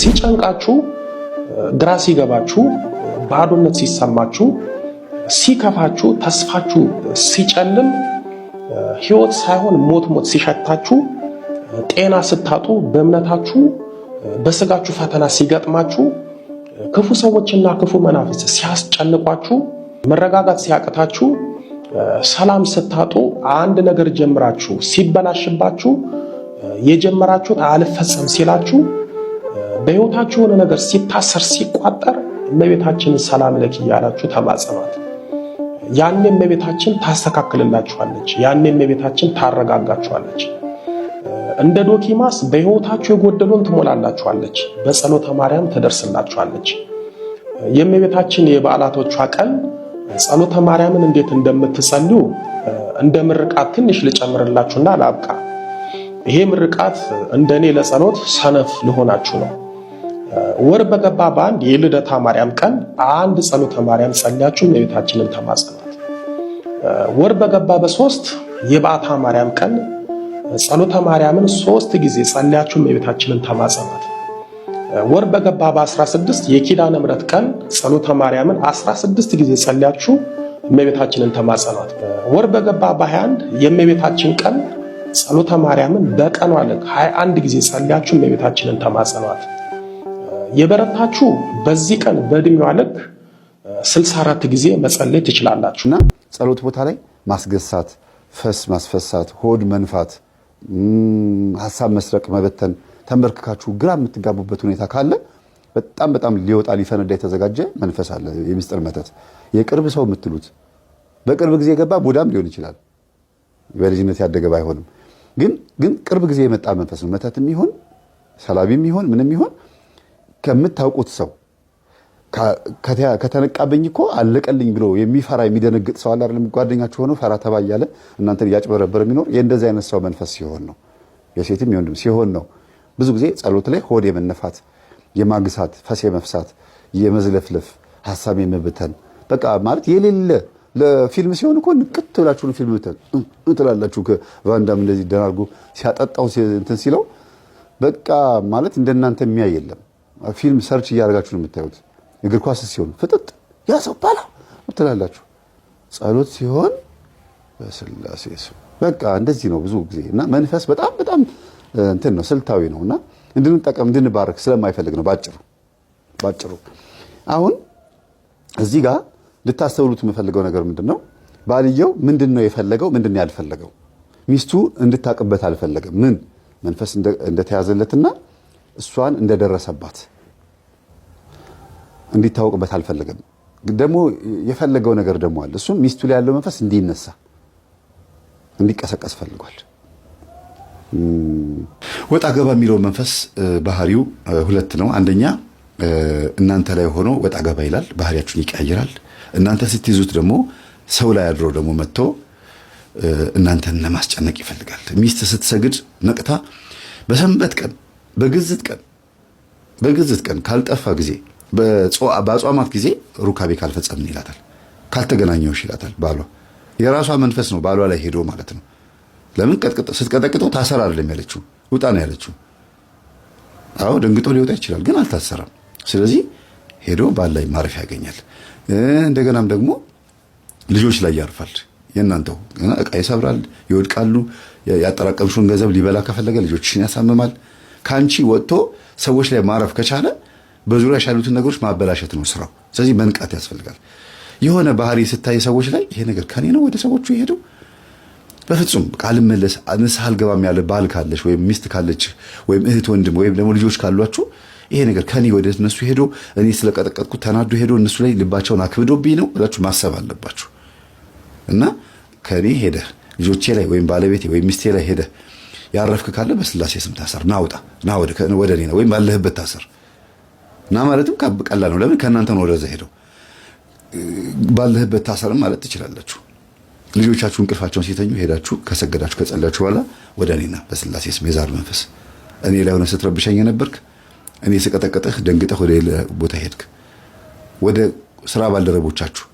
ሲጨንቃችሁ፣ ግራ ሲገባችሁ፣ ባዶነት ሲሰማችሁ፣ ሲከፋችሁ፣ ተስፋችሁ ሲጨልም፣ ህይወት ሳይሆን ሞት ሞት ሲሸታችሁ፣ ጤና ስታጡ፣ በእምነታችሁ በስጋችሁ ፈተና ሲገጥማችሁ፣ ክፉ ሰዎችና ክፉ መናፍስ ሲያስጨንቋችሁ፣ መረጋጋት ሲያቅታችሁ፣ ሰላም ስታጡ፣ አንድ ነገር ጀምራችሁ ሲበላሽባችሁ፣ የጀመራችሁት አልፈጸም ሲላችሁ በሕይወታችሁ የሆነ ነገር ሲታሰር ሲቋጠር እመቤታችን ሰላም ለኪ እያላችሁ ተማጽኗት ያኔ እመቤታችን ታስተካክልላችኋለች። ያኔ እመቤታችን ታረጋጋችኋለች። እንደ ዶኪማስ በሕይወታችሁ የጎደሉን ትሞላላችኋለች፣ በጸሎተ ማርያም ትደርስላችኋለች። የእመቤታችን የበዓላቶቿ ቀን ጸሎተ ማርያምን እንዴት እንደምትጸልዩ እንደ ምርቃት ትንሽ ልጨምርላችሁና ላብቃ። ይሄ ምርቃት እንደኔ ለጸሎት ሰነፍ ልሆናችሁ ነው። ወር በገባ በአንድ የልደታ ማርያም ቀን አንድ ጸሎተ ማርያም ጸልያችሁ እመቤታችንን ተማጽናት። ወር በገባ በሶስት የባታ ማርያም ቀን ጸሎተ ማርያምን ሶስት ጊዜ ጸልያችሁ እመቤታችንን ተማጽናት። ወር በገባ በ16 የኪዳነ ምሕረት ቀን ጸሎተ ማርያምን 16 ጊዜ ጸልያችሁ እመቤታችንን ተማጸኗት። ወር በገባ በ21 የእመቤታችን ቀን ጸሎተ ማርያምን በቀኗ ልክ 21 ጊዜ ጸልያችሁ እመቤታችንን ተማጸኗት። የበረታችሁ በዚህ ቀን በእድሜዋ ልክ 64 ጊዜ መጸለይ ትችላላችሁ። እና ጸሎት ቦታ ላይ ማስገሳት፣ ፈስ ማስፈሳት፣ ሆድ መንፋት፣ ሀሳብ መስረቅ፣ መበተን፣ ተንበርክካችሁ ግራ የምትጋቡበት ሁኔታ ካለ በጣም በጣም ሊወጣ ሊፈነዳ የተዘጋጀ መንፈስ አለ። የሚስጥር መተት የቅርብ ሰው የምትሉት በቅርብ ጊዜ የገባ ቡዳም ሊሆን ይችላል። በልጅነት ያደገ ባይሆንም ግን ግን ቅርብ ጊዜ የመጣ መንፈስ ነው። መተትም ይሁን ሰላቢም ይሁን ምንም ይሁን ከምታውቁት ሰው ከተነቃብኝ እኮ አለቀልኝ ብሎ የሚፈራ የሚደነግጥ ሰው አለ አይደለም? ጓደኛችሁ ሆኖ ፈራ ተባ እያለ እናንተን እያጭበረበረ የሚኖር የእንደዚህ አይነት ሰው መንፈስ ሲሆን ነው፣ የሴትም የወንድም ሲሆን ነው። ብዙ ጊዜ ጸሎት ላይ ሆድ የመነፋት፣ የማግሳት፣ ፈስ የመፍሳት፣ የመዝለፍለፍ፣ ሀሳብ የመብተን በቃ ማለት የሌለ ለፊልም ሲሆን እኮ ንቅት ብላችሁ ፊልም ብተን ትላላችሁ። ቫንዳም እንደዚህ ደናርጎ ሲያጠጣው እንትን ሲለው በቃ ማለት እንደናንተ የሚያይ የለም። ፊልም ሰርች እያደረጋችሁ ነው የምታዩት። እግር ኳስ ሲሆን ፍጥጥ ያ ሰው ባላ ትላላችሁ። ጸሎት ሲሆን በስላሴ ስም በቃ እንደዚህ ነው ብዙ ጊዜ እና መንፈስ በጣም በጣም እንትን ነው ስልታዊ ነው እና እንድንጠቀም እንድንባረክ ስለማይፈልግ ነው ባጭሩ ባጭሩ። አሁን እዚህ ጋር ልታስተውሉት የምፈልገው ነገር ምንድን ነው? ባልየው ምንድን ነው የፈለገው? ምንድን ነው ያልፈለገው? ሚስቱ እንድታቅበት አልፈለገም። ምን መንፈስ እንደተያዘለትና እሷን እንደደረሰባት እንዲታወቅበት አልፈለገም። ደግሞ የፈለገው ነገር ደግሞ አለ። እሱም ሚስቱ ላይ ያለው መንፈስ እንዲነሳ እንዲቀሰቀስ ፈልጓል። ወጣ ገባ የሚለው መንፈስ ባህሪው ሁለት ነው። አንደኛ እናንተ ላይ ሆኖ ወጣ ገባ ይላል፣ ባህሪያችሁን ይቀያይራል። እናንተ ስትይዙት ደግሞ ሰው ላይ አድሮ ደግሞ መጥቶ እናንተን ለማስጨነቅ ይፈልጋል። ሚስት ስትሰግድ ነቅታ በሰንበት ቀን በግዝት ቀን በግዝት ቀን ካልጠፋ ጊዜ በአጽዋማት ጊዜ ሩካቤ ካልፈጸምን ይላታል። ካልተገናኘውሽ ይላታል ባሏ። የራሷ መንፈስ ነው ባሏ ላይ ሄዶ ማለት ነው። ለምን ስትቀጠቅጠው ታሰር አይደለም ያለችው፣ ውጣ ነው ያለችው። አዎ ደንግጦ ሊወጣ ይችላል፣ ግን አልታሰራም። ስለዚህ ሄዶ ባል ላይ ማረፊያ ያገኛል። እንደገናም ደግሞ ልጆች ላይ ያርፋል። የእናንተው እቃ ይሰብራል፣ ይወድቃሉ። ያጠራቀምሽውን ገንዘብ ሊበላ ከፈለገ ልጆችሽን ያሳምማል። ከአንቺ ወጥቶ ሰዎች ላይ ማረፍ ከቻለ በዙሪያሽ ያሉትን ነገሮች ማበላሸት ነው ስራው። ስለዚህ መንቃት ያስፈልጋል። የሆነ ባህሪ ስታይ ሰዎች ላይ ይሄ ነገር ከኔ ነው ወደ ሰዎቹ የሄደው በፍጹም አልመለስ ንስሐ አልገባም ያለ ባል ካለች ወይም ሚስት ካለች ወይም እህት ወንድም ወይም ደግሞ ልጆች ካሏችሁ ይሄ ነገር ከኔ ወደ እነሱ ሄዶ እኔ ስለቀጠቀጥኩ ተናዶ ሄዶ እነሱ ላይ ልባቸውን አክብዶብኝ ነው ብላችሁ ማሰብ አለባችሁ እና ከኔ ሄደ ልጆቼ ላይ ወይም ባለቤቴ ወይም ሚስቴ ላይ ሄደ ያረፍክ ካለ በስላሴ ስም ታሰር፣ ናውጣ ና ወደ እኔ ወይም ባለህበት ታሰር ና ማለትም ቀላል ነው። ለምን ከእናንተ ነው ወደዛ ሄደው ባለህበት ታሰርም ማለት ትችላላችሁ። ልጆቻችሁ እንቅልፋቸውን ሲተኙ ሄዳችሁ ከሰገዳችሁ ከጸላችሁ በኋላ ወደ እኔና በስላሴ ስም የዛር መንፈስ እኔ ላይ ሆነ ስትረብሻኝ የነበርክ እኔ ስቀጠቀጠህ ደንግጠህ ወደ ሌላ ቦታ ሄድክ። ወደ ስራ ባልደረቦቻችሁ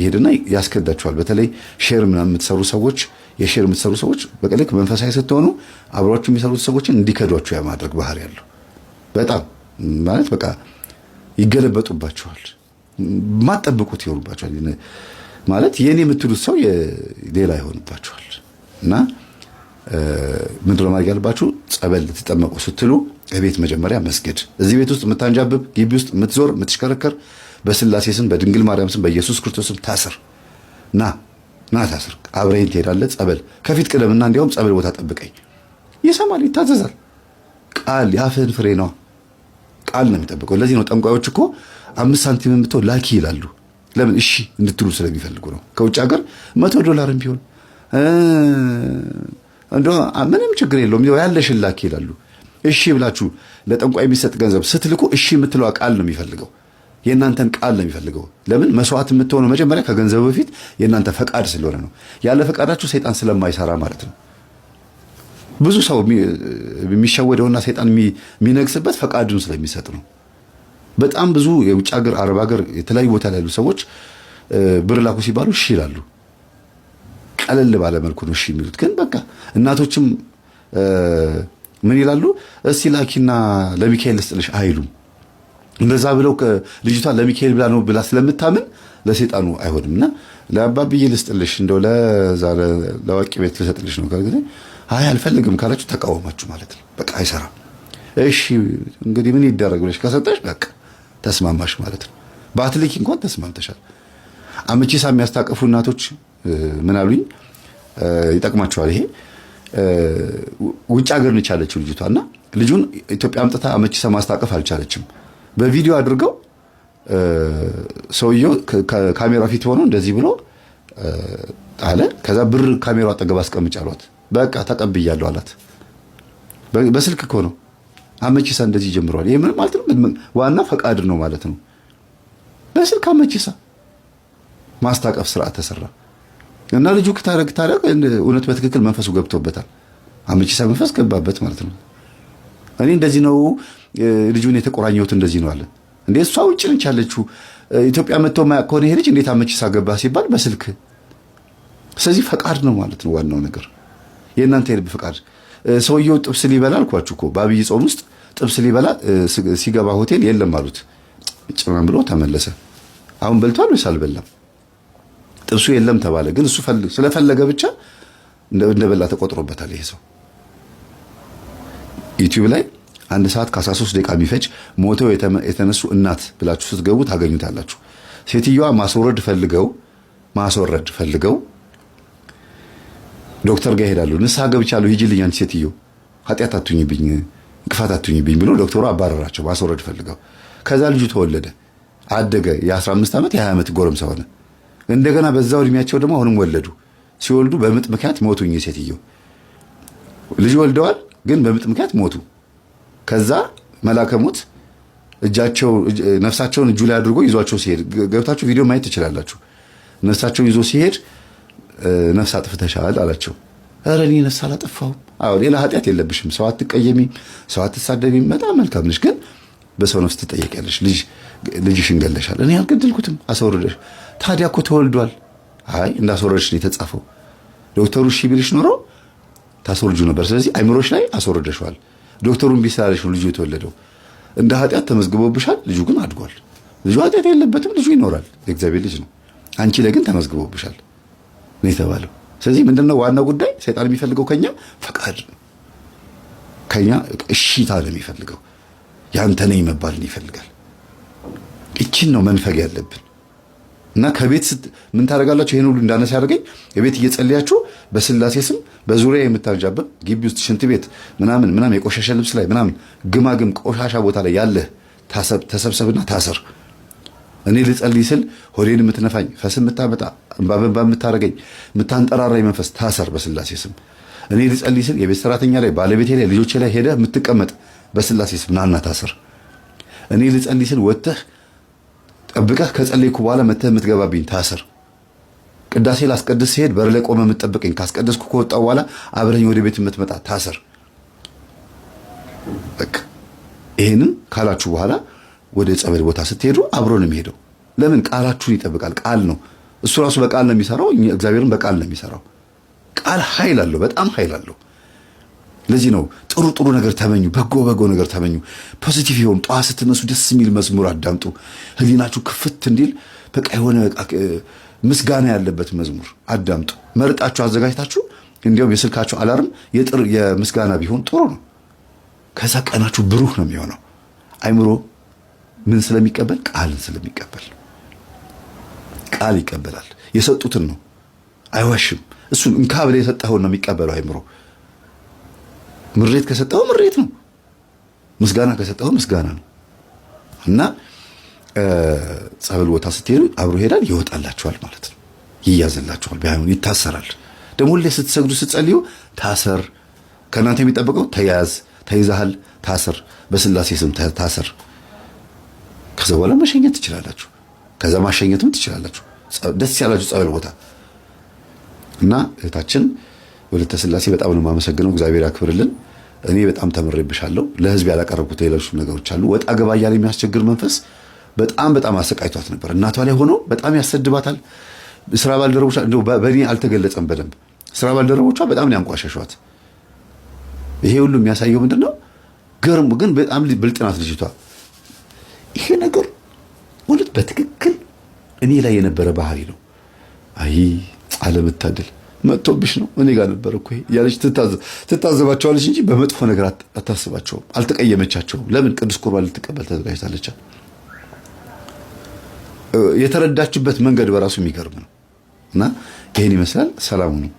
ይሄድና ያስከዳችኋል። በተለይ ሼር ምናምን የምትሰሩ ሰዎች የሼር የምትሰሩ ሰዎች በቀልክ መንፈሳዊ ስትሆኑ አብሯችሁ የሚሰሩት ሰዎችን እንዲከዷችሁ የማድረግ ባህሪ ያለው በጣም ማለት በቃ ይገለበጡባችኋል። ማጠብቁት ይሆኑባችኋል። ማለት የእኔ የምትሉት ሰው ሌላ ይሆንባችኋል። እና ምንድን ነው ማድረግ ያለባችሁ? ጸበል ልትጠመቁ ስትሉ ቤት መጀመሪያ መስገድ። እዚህ ቤት ውስጥ የምታንጃብብ፣ ግቢ ውስጥ የምትዞር፣ የምትሽከረከር በስላሴ ስም፣ በድንግል ማርያም ስም፣ በኢየሱስ ክርስቶስ ስም ታስር ና ናት አስር አብረኝ ትሄዳለህ ጸበል ከፊት ቅደምና እንዲያውም ጸበል ቦታ ጠብቀኝ ይሰማል ይታዘዛል ቃል የአፍህን ፍሬ ነው፣ ቃል ነው የሚጠብቀው ለዚህ ነው ጠንቋዮች እኮ አምስት ሳንቲም ብትሆን ላኪ ይላሉ ለምን እሺ እንድትሉ ስለሚፈልጉ ነው ከውጭ ሀገር መቶ ዶላርም ቢሆን እንደ ምንም ችግር የለውም ያለሽን ላኪ ይላሉ እሺ ብላችሁ ለጠንቋይ የሚሰጥ ገንዘብ ስትልኩ እሺ የምትለዋ ቃል ነው የሚፈልገው የእናንተን ቃል ነው የሚፈልገው። ለምን መስዋዕት የምትሆነው መጀመሪያ ከገንዘብ በፊት የእናንተ ፈቃድ ስለሆነ ነው። ያለ ፈቃዳችሁ ሰይጣን ስለማይሰራ ማለት ነው። ብዙ ሰው የሚሸወደውና ሰይጣን የሚነግስበት ፈቃዱን ስለሚሰጥ ነው። በጣም ብዙ የውጭ ሀገር፣ አረብ ሀገር፣ የተለያዩ ቦታ ላይ ያሉ ሰዎች ብር ላኩ ሲባሉ እሺ ይላሉ። ቀለል ባለ መልኩ ነው እሺ የሚሉት። ግን በቃ እናቶችም ምን ይላሉ? እስቲ ላኪና ለሚካኤል ልስጥልሽ አይሉም። እንደዛ ብለው ልጅቷን ለሚካኤል ብላ ነው ብላ ስለምታምን ለሴጣኑ አይሆንምና ለአባብዬ ልስጥልሽ እንደው ለዛ ለዋቂ ቤት ልሰጥልሽ ነው ጊዜ አይ አልፈልግም ካላችሁ ተቃወማችሁ ማለት ነው። በቃ አይሰራም። እሺ እንግዲህ ምን ይደረግ ብለሽ ከሰጠሽ በቃ ተስማማሽ ማለት ነው። በአትሌክ እንኳን ተስማምተሻል። አምቺሳ የሚያስታቅፉ እናቶች ምን አሉኝ፣ ይጠቅማቸዋል ይሄ። ውጭ ሀገር ነች ያለችው ልጅቷ እና ልጁን ኢትዮጵያ አምጥታ አምቺሳ ማስታቀፍ አልቻለችም። በቪዲዮ አድርገው ሰውየው ካሜራ ፊት ሆኖ እንደዚህ ብሎ አለ። ከዛ ብር ካሜራ አጠገብ አስቀምጭ አሏት። በቃ ተቀብያለሁ አላት። በስልክ እኮ ነው። አመቺሳ እንደዚህ ጀምረዋል። ይህ ምንም ማለት ነው፣ ዋና ፈቃድ ነው ማለት ነው። በስልክ አመቺሳ ማስታቀፍ ስርዓት ተሰራ እና ልጁ ክታረግ ታረግ እውነት በትክክል መንፈሱ ገብቶበታል። አመቺሳ መንፈስ ገባበት ማለት ነው። እኔ እንደዚህ ነው ልጁን የተቆራኘሁት እንደዚህ ነው አለ። እንዴ እሷ ውጭ ነች ያለችው። ኢትዮጵያ መጥቶ ማያውቅ ከሆነ ይሄ ልጅ እንዴት አመች ሳገባ ሲባል በስልክ ስለዚህ ፈቃድ ነው ማለት ነው ዋናው ነገር የእናንተ የልብ ፈቃድ። ሰውየው ጥብስ ሊበላ አልኳችሁ እኮ በአብይ ጾም ውስጥ ጥብስ ሊበላ ሲገባ ሆቴል የለም አሉት። ጭማን ብሎ ተመለሰ። አሁን በልቷል ወይስ አልበላም? ጥብሱ የለም ተባለ። ግን እሱ ስለፈለገ ብቻ እንደበላ ተቆጥሮበታል። ይሄ ሰው ዩቲዩብ ላይ አንድ ሰዓት ከ13 ደቂቃ ቢፈጅ ሞተው የተነሱ እናት ብላችሁ ስትገቡ ታገኙታላችሁ። ሴትዮዋ ማስወረድ ፈልገው ማስወረድ ፈልገው ዶክተር ጋር ይሄዳሉ። ንስሐ ገብቻለሁ ሂጂልኝ አንቺ ሴትዮ ኃጢአት አትሁኝብኝ፣ እንቅፋት አትሁኝብኝ ብሎ ዶክተሩ አባረራቸው ማስወረድ ፈልገው። ከዛ ልጁ ተወለደ፣ አደገ። የ15 ዓመት የ20 ዓመት ጎረምሳ ሆነ። እንደገና በዛው እድሜያቸው ደግሞ አሁንም ወለዱ። ሲወልዱ በምጥ ምክንያት ሞቱኝ ሴትዮ ልጅ ወልደዋል፣ ግን በምጥ ምክንያት ሞቱ። ከዛ መላከሙት እጃቸው ነፍሳቸውን እጁ ላይ አድርጎ ይዟቸው ሲሄድ ገብታችሁ ቪዲዮ ማየት ትችላላችሁ። ነፍሳቸውን ይዞ ሲሄድ ነፍስ አጥፍተሻል አላቸው። ኧረ እኔ ነፍስ አላጠፋሁም። አዎ ሌላ ኃጢአት የለብሽም፣ ሰው አትቀየሚም፣ ሰው አትሳደቢም፣ በጣም መልካም ነሽ። ግን በሰው ነፍስ ትጠየቂያለሽ። ልጅሽ ልጅሽን ገለሻል። እኔ አልገደልኩትም፣ አስወርደሽ። ታዲያ እኮ ተወልዷል። አይ እንዳስወረደሽ ነው የተጻፈው። ዶክተሩ እሺ ቢልሽ ኖሮ ታስወርጁ ነበር። ስለዚህ አይምሮች ላይ አስወርደሸዋል። ዶክተሩን ቢሳለሽ ነው ልጁ የተወለደው። እንደ ኃጢአት ተመዝግቦብሻል። ልጁ ግን አድጓል። ልጁ ኃጢአት የለበትም። ልጁ ይኖራል። የእግዚአብሔር ልጅ ነው። አንቺ ላይ ግን ተመዝግቦብሻል ነው የተባለው። ስለዚህ ምንድነው ዋናው ጉዳይ? ሰይጣን የሚፈልገው ከኛ ፈቃድ ነው። ከኛ እሺታ ነው የሚፈልገው። ያንተ ነኝ መባልን ይፈልጋል። እችን ነው መንፈግ ያለብን። እና ከቤት ምን ታደርጋላችሁ? ይህን ሁሉ እንዳነሳ ያደርገኝ የቤት እየጸለያችሁ በስላሴ ስም በዙሪያ የምታንዣብብ ግቢ ውስጥ ሽንት ቤት ምናምን ምናምን የቆሻሻ ልብስ ላይ ምናምን ግማግም ቆሻሻ ቦታ ላይ ያለህ ተሰብሰብና ታስር። እኔ ልጸልይ ስል ሆዴን የምትነፋኝ ፈስ የምታመጣ እንባበንባ የምታደርገኝ የምታንጠራራኝ መንፈስ ታሰር በስላሴ ስም። እኔ ልጸልይ ስል የቤት ሰራተኛ ላይ ባለቤቴ ላይ ልጆቼ ላይ ሄደህ የምትቀመጥ በስላሴ ስም ናና ታስር። እኔ ልጸልይ ስል ወጥተህ ጠብቀህ ከጸለይኩ በኋላ መተህ የምትገባብኝ ታስር። ቅዳሴ ላስቀድስ ሲሄድ በር ላይ ቆመ የምትጠብቀኝ ካስቀደስኩ ከወጣ በኋላ አብረኝ ወደ ቤት የምትመጣ ታስር። ይህንን ካላችሁ በኋላ ወደ ጸበል ቦታ ስትሄዱ አብሮ ነው የሚሄደው። ለምን ቃላችሁን ይጠብቃል። ቃል ነው እሱ ራሱ በቃል ነው የሚሰራው። እግዚአብሔርን በቃል ነው የሚሰራው። ቃል ኃይል አለው፣ በጣም ኃይል አለው። ለዚህ ነው ጥሩ ጥሩ ነገር ተመኙ፣ በጎ በጎ ነገር ተመኙ፣ ፖዚቲቭ የሆኑ ጠዋት ስትነሱ ደስ የሚል መዝሙር አዳምጡ። ህሊናችሁ ክፍት እንዲል በቃ የሆነ ምስጋና ያለበት መዝሙር አዳምጡ። መርጣችሁ አዘጋጅታችሁ እንዲያውም የስልካችሁ አላርም የጥር የምስጋና ቢሆን ጥሩ ነው። ከዛ ቀናችሁ ብሩህ ነው የሚሆነው። አይምሮ ምን ስለሚቀበል ቃልን ስለሚቀበል ቃል ይቀበላል። የሰጡትን ነው አይዋሽም። እሱን እንካ ብለህ የሰጠኸውን ነው የሚቀበለው አይምሮ። ምሬት ከሰጠው ምሬት ነው፣ ምስጋና ከሰጠው ምስጋና ነው እና ጸበል ቦታ ስትሄዱ አብሮ ይሄዳል፣ ይወጣላችኋል ማለት ነው። ይያዝላችኋል፣ ቢሆን ይታሰራል። ደግሞ ሁሌ ስትሰግዱ ስትጸልዩ ታሰር፣ ከእናንተ የሚጠበቀው ተያያዝ፣ ተይዛሃል፣ ታሰር፣ በስላሴ ስም ታሰር። ከዛ በኋላ መሸኘት ትችላላችሁ፣ ከዛ ማሸኘትም ትችላላችሁ። ደስ ያላችሁ ጸበል ቦታ እና እህታችን ወለተ ስላሴ በጣም ነው የማመሰግነው። እግዚአብሔር ያክብርልን። እኔ በጣም ተምሬብሻለሁ። ለህዝብ ያላቀረብኩት የለሱ ነገሮች አሉ። ወጣ ገባ እያለ የሚያስቸግር መንፈስ በጣም በጣም አሰቃይቷት ነበር። እናቷ ላይ ሆኖ በጣም ያሰድባታል። ስራ ባልደረቦቿ በእኔ አልተገለጸም በደንብ ስራ ባልደረቦቿ በጣም ነው ያንቋሸሿት። ይሄ ሁሉ የሚያሳየው ምንድን ነው? ገርሙ ግን በጣም ብልጥናት ልጅቷ። ይሄ ነገር እውነት በትክክል እኔ ላይ የነበረ ባህሪ ነው። አይ አለመታደል መጥቶብሽ ነው እኔ ጋር ነበር እኮ ያለች ትታዘባቸዋለች እንጂ በመጥፎ ነገር አታስባቸውም። አልተቀየመቻቸውም። ለምን ቅዱስ ቁርባን ልትቀበል ተዘጋጅታለች። የተረዳችበት መንገድ በራሱ የሚገርም ነው እና ይህን ይመስላል። ሰላሙ ነው።